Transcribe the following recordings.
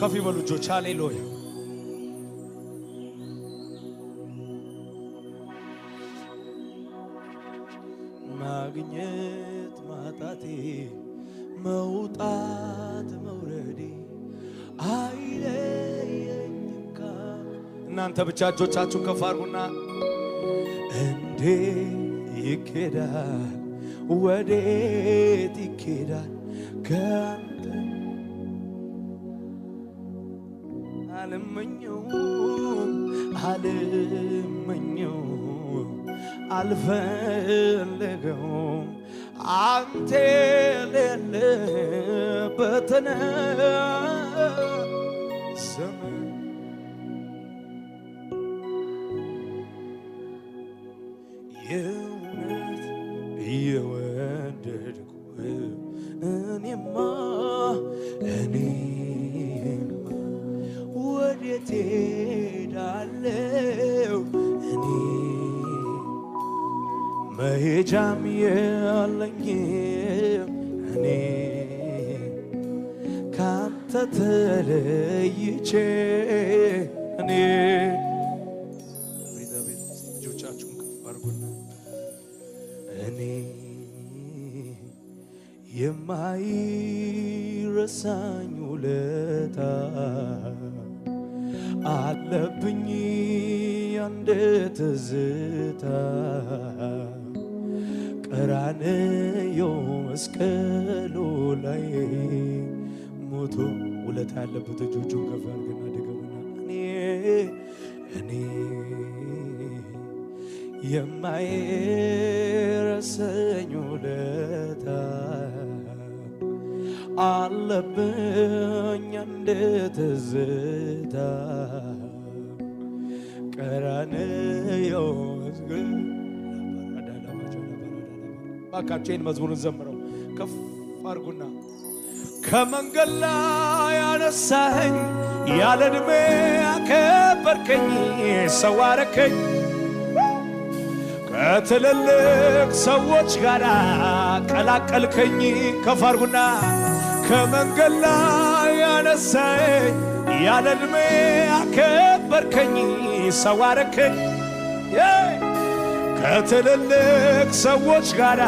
ከፍ ይበሉ እጆች። ሃሌሉያ ማግኘት ማጣቴ መውጣት መውረዴ አይለየኝካ። እናንተ ብቻ እጆቻችሁን ከፍ አድርጉና እንዴ ይኬዳል ወዴት ይኬዳል አልመኘው አልፈልገው አንተ የሌለበት ዘመን የእውነት እየወደድኩ እኔማ እኔማ ወዴቴ ሄዳለው እኔ መሄጃም ያለኝ እኔ ካንተ ተለይቼ እኔ የማይረሳኝ እንደ ትዝታ ቀራንዮ መስቀሉ ላይ ሞቶ ሁለት ያለበት እጆቹን ከፍ አድርግና ድገሙና እኔ እኔ የማይረሰኝ ውለታ አለብኝ እንደ ትዝታ ቀራንዮ መዝግብ ይህን መዝሙርን ዘምረው ከፍ አርጉና ከመንገድ ላይ ያነሳኸኝ ያለ ዕድሜ ያከበርከኝ ሰው አረከኝ ከትልልቅ ሰዎች ጋር ቀላቀልከኝ ከፍ አርጉና ከመንገድ ላይ ያነሳኸኝ ያለ ዕድሜ ያከበርከኝ ሰው አረከኝ ከትልልቅ ሰዎች ጋር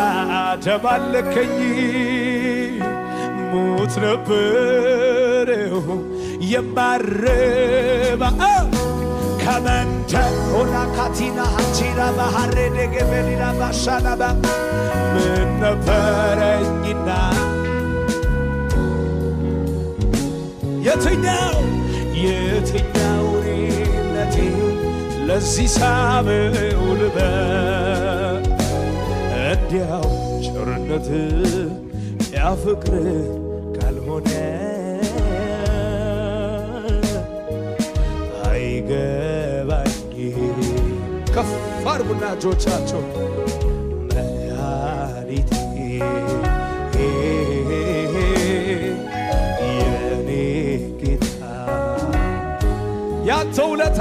ደባለከኝ። ሙት ነበርሁ የማረባ ከመንተ ሆና ካቲና አንቺራ ባህሬ ባሻናባ ምን ነበረኝና የትኛው ለዚህ ሳበው ልበል እንዲያው ቸርነት ያፍቅር ካልሆነ አይገባኝ። ከፍ አድርጉና እጆቻቸው መድኃኒቴ የኔ ጌታ ያንተ ውለታ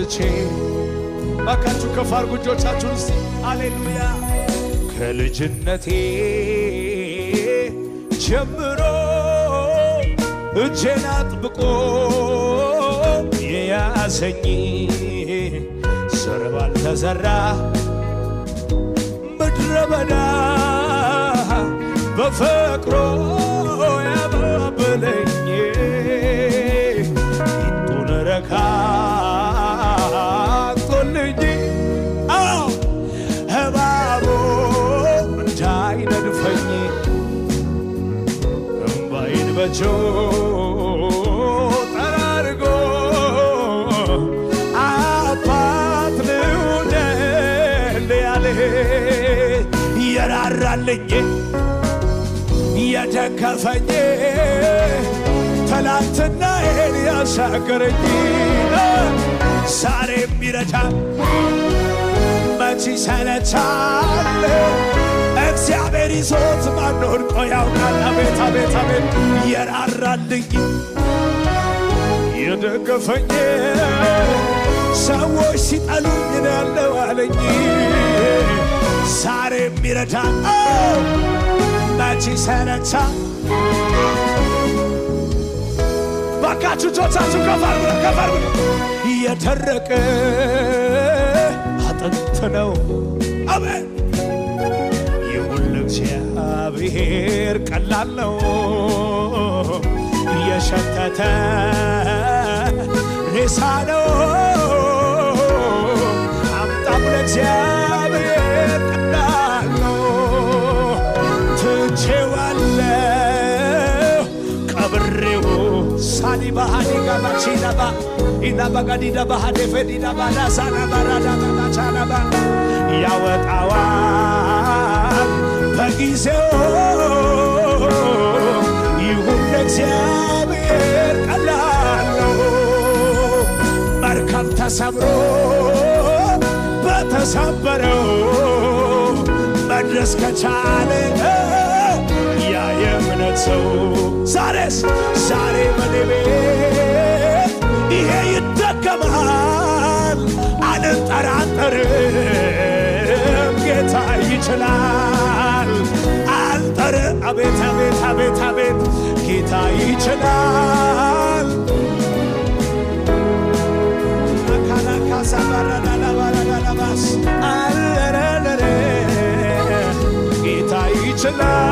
ገዝቼ ባካችሁ ከፍ አድርጉ እጆቻችሁን እስቲ አሌሉያ ከልጅነቴ ጀምሮ እጄን አጥብቆ የያዘኝ ስር ባልተዘራ ምድረ በዳ በፍቅሮ ልዬ የደከፈኝ ትላንትናዬን ያሻገረኝ ዛሬም ይረዳል፣ መቼ ይሰለቻል? እግዚአብሔር ይዞት ማን ወድቆ ያውቃል? አቤት አቤት የራራልኝ የደገፈኝ ሰዎች ሲጠሉኝ ነው ያለው አለኝ ዛሬም ይረዳል። መቼ ሰነቻ ባካችሁ ጆቻችሁ ከፍ አድርጉ ከፍ አድርጉ። የተረቀ አጥንት ነው አሜን። ይሁን ለእግዚአብሔር ቀላል ነው። እየሸተተ ሬሳ ነው ኢዳባጋዲዳ ባሃዴፌ ዲዳባዳ ሳናባራዳ ያወጣዋል በጊዜው ይሁን ለእግዚአብሔር ቀላል መርከብ ተሰብሮ በተሰበረው መድረስ ከቻለ ያ የእምነት ሰው ዛሬስ ዛሬ በኔ ቤት አልጠራጠርም፣ ጌታ ይችላል። አልጠር አቤት አቤት አቤት አቤት ጌታ ይችላል። ካላካሳ ባራዳላባራዳላባስ አለረለረ ጌታ ይችላል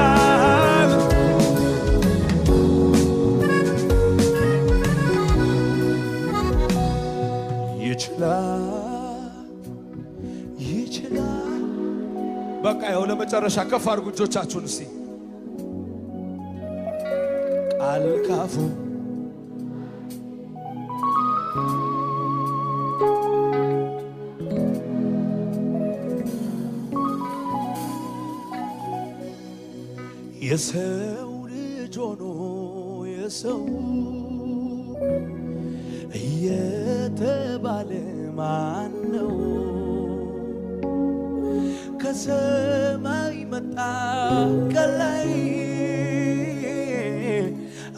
በቃ ያው ለመጨረሻ ከፍ አድርጉ እጆቻችሁን እስቲ። ቃል ካፉ የሰው ልጅ ሆኖ የሰው እየተባለ ማን ከሰማይ መጣ ከላይ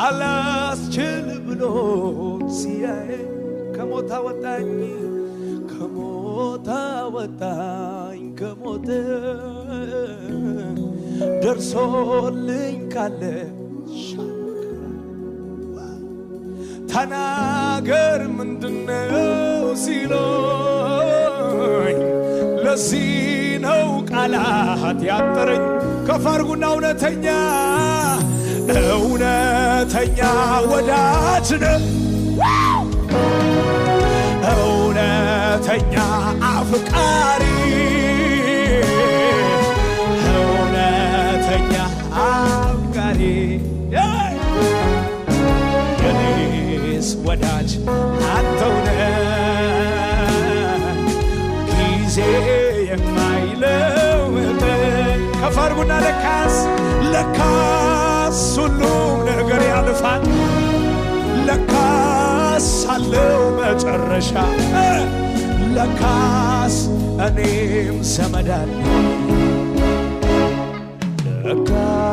አላስችል ብሎ ሲያይ ከሞት አወጣኝ ከሞት አወጣኝ ከሞት ደርሶልኝ ካለ ተናገር ምንድነው ሲሎኝ ለዚህ ነው ቃላት ያጠረኝ ከፋርጉና እውነተኛ እውነተኛ ወዳጅ ነው እውነተኛ አፍቃሪ እውነተኛ አፍቃሪ የኔስ ወዳጅ አንተውነ የማይለወጥ ከፍ አድርጉና ለካስ ለካስ ሁሉም ነገር ያልፋል ለካስ አለው መጨረሻ ለካስ እኔም ዘመዳል ለካስ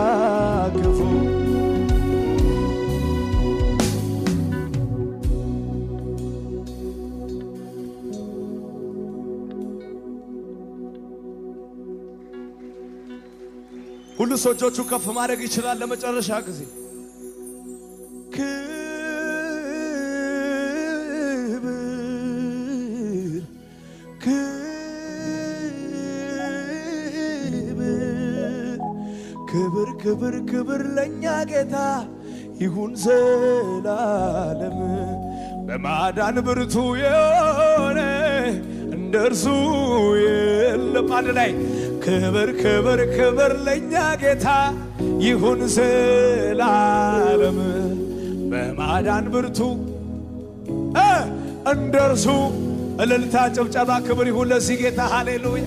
ቅዱስ እጆቹ ከፍ ማድረግ ይችላል። ለመጨረሻ ጊዜ ክብር ክብር ክብር ክብር ለእኛ ጌታ ይሁን ዘላለም በማዳን ብርቱ የሆነ እንደ እርሱ የለም። አንድ ላይ ክብር ክብር ክብር ለእኛ ጌታ ይሁን ዘላለም። በማዳን ብርቱ እንደርሱ እልልታ፣ ጭብጨባ፣ ክብር ይሁን ለዚህ ጌታ ሃሌሉያ።